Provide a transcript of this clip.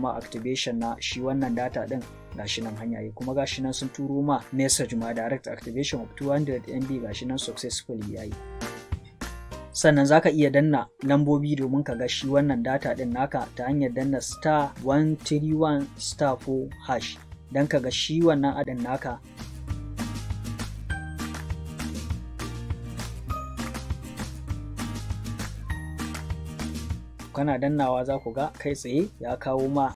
kuma activation na shi wannan data din gashi nan hanya yi kuma gashi nan sun turo ma message ma direct activation of 200 MB gashi nan successfully yayi sannan za ka iya danna lambobi domin ka ga shi wannan data din naka ta hanyar danna star 131 star 4 hash don ka ga shi wannan adin naka kana dannawa za ku ga kai tsaye ya kawo ma